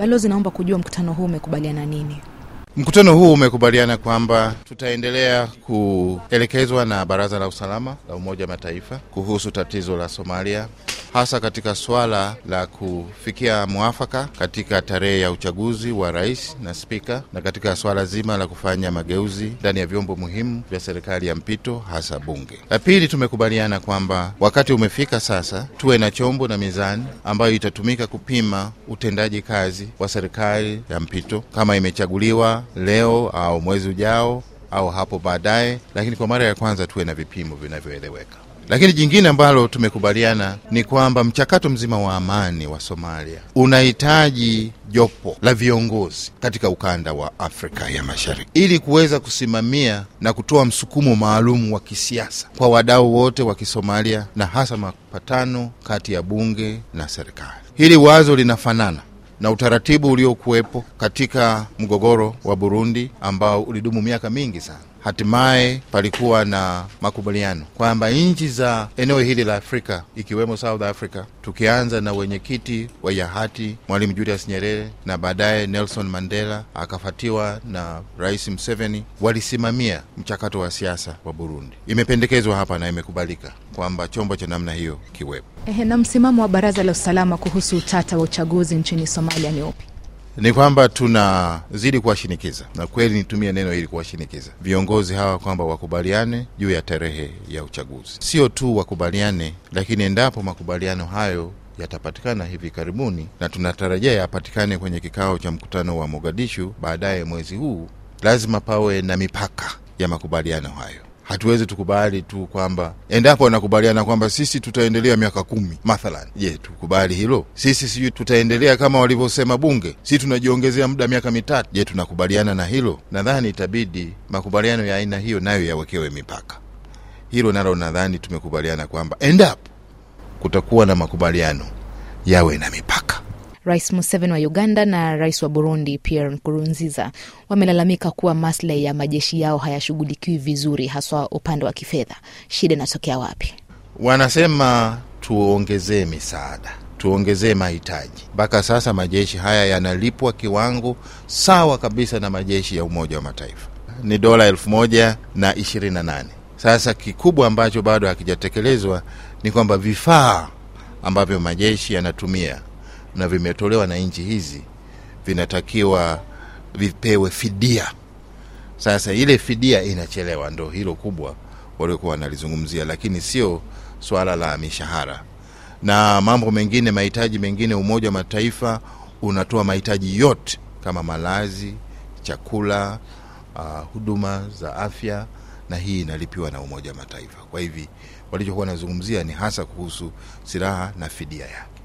Balozi, naomba kujua mkutano huu umekubaliana nini? Mkutano huu umekubaliana kwamba tutaendelea kuelekezwa na Baraza la Usalama la Umoja wa Mataifa kuhusu tatizo la Somalia hasa katika swala la kufikia mwafaka katika tarehe ya uchaguzi wa rais na spika na katika swala zima la kufanya mageuzi ndani ya vyombo muhimu vya serikali ya mpito hasa bunge. La pili, tumekubaliana kwamba wakati umefika sasa tuwe na chombo na mizani ambayo itatumika kupima utendaji kazi wa serikali ya mpito kama imechaguliwa leo au mwezi ujao au hapo baadaye, lakini kwa mara ya kwanza tuwe na vipimo vinavyoeleweka. Lakini jingine ambalo tumekubaliana ni kwamba mchakato mzima wa amani wa Somalia unahitaji jopo la viongozi katika ukanda wa Afrika ya Mashariki ili kuweza kusimamia na kutoa msukumo maalum wa kisiasa kwa wadau wote wa Kisomalia na hasa mapatano kati ya bunge na serikali. Hili wazo linafanana na utaratibu uliokuwepo katika mgogoro wa Burundi ambao ulidumu miaka mingi sana hatimaye palikuwa na makubaliano kwamba nchi za eneo hili la Afrika ikiwemo South Africa, tukianza na wenyekiti wa yahati Mwalimu Julius Nyerere na baadaye Nelson Mandela akafuatiwa na Rais Museveni, walisimamia mchakato wa siasa wa Burundi. Imependekezwa hapa na imekubalika kwamba chombo cha namna hiyo kiwepo. Ehe, na msimamo wa Baraza la Usalama kuhusu utata wa uchaguzi nchini Somalia ni upi? ni kwamba tunazidi kuwashinikiza na kweli nitumie neno ili kuwashinikiza viongozi hawa kwamba wakubaliane juu ya tarehe ya uchaguzi. Sio tu wakubaliane, lakini endapo makubaliano hayo yatapatikana hivi karibuni, na tunatarajia yapatikane kwenye kikao cha mkutano wa Mogadishu baadaye mwezi huu, lazima pawe na mipaka ya makubaliano hayo hatuwezi tukubali tu kwamba endapo wanakubaliana kwamba sisi tutaendelea miaka kumi mathalan. Je, tukubali hilo? Sisi sijui tutaendelea kama walivyosema bunge, si tunajiongezea muda miaka mitatu. Je, tunakubaliana na hilo? Nadhani itabidi makubaliano ya aina hiyo nayo yawekewe mipaka. Hilo nalo nadhani tumekubaliana kwamba endapo kutakuwa na makubaliano yawe na mipaka. Rais Museveni wa Uganda na rais wa Burundi Pierre Nkurunziza wamelalamika kuwa maslahi ya majeshi yao hayashughulikiwi vizuri, haswa upande wa kifedha. Shida inatokea wapi? Wanasema tuongezee misaada, tuongezee mahitaji. Mpaka sasa majeshi haya yanalipwa kiwango sawa kabisa na majeshi ya Umoja wa Mataifa, ni dola elfu moja na ishirini na nane. Sasa kikubwa ambacho bado hakijatekelezwa ni kwamba vifaa ambavyo majeshi yanatumia na vimetolewa na nchi hizi vinatakiwa vipewe fidia. Sasa ile fidia inachelewa, ndo hilo kubwa waliokuwa wanalizungumzia, lakini sio swala la mishahara na mambo mengine, mahitaji mengine. Umoja wa Mataifa unatoa mahitaji yote kama malazi, chakula, uh, huduma za afya, na hii inalipiwa na Umoja wa Mataifa. Kwa hivi walichokuwa wanazungumzia ni hasa kuhusu silaha na fidia yake.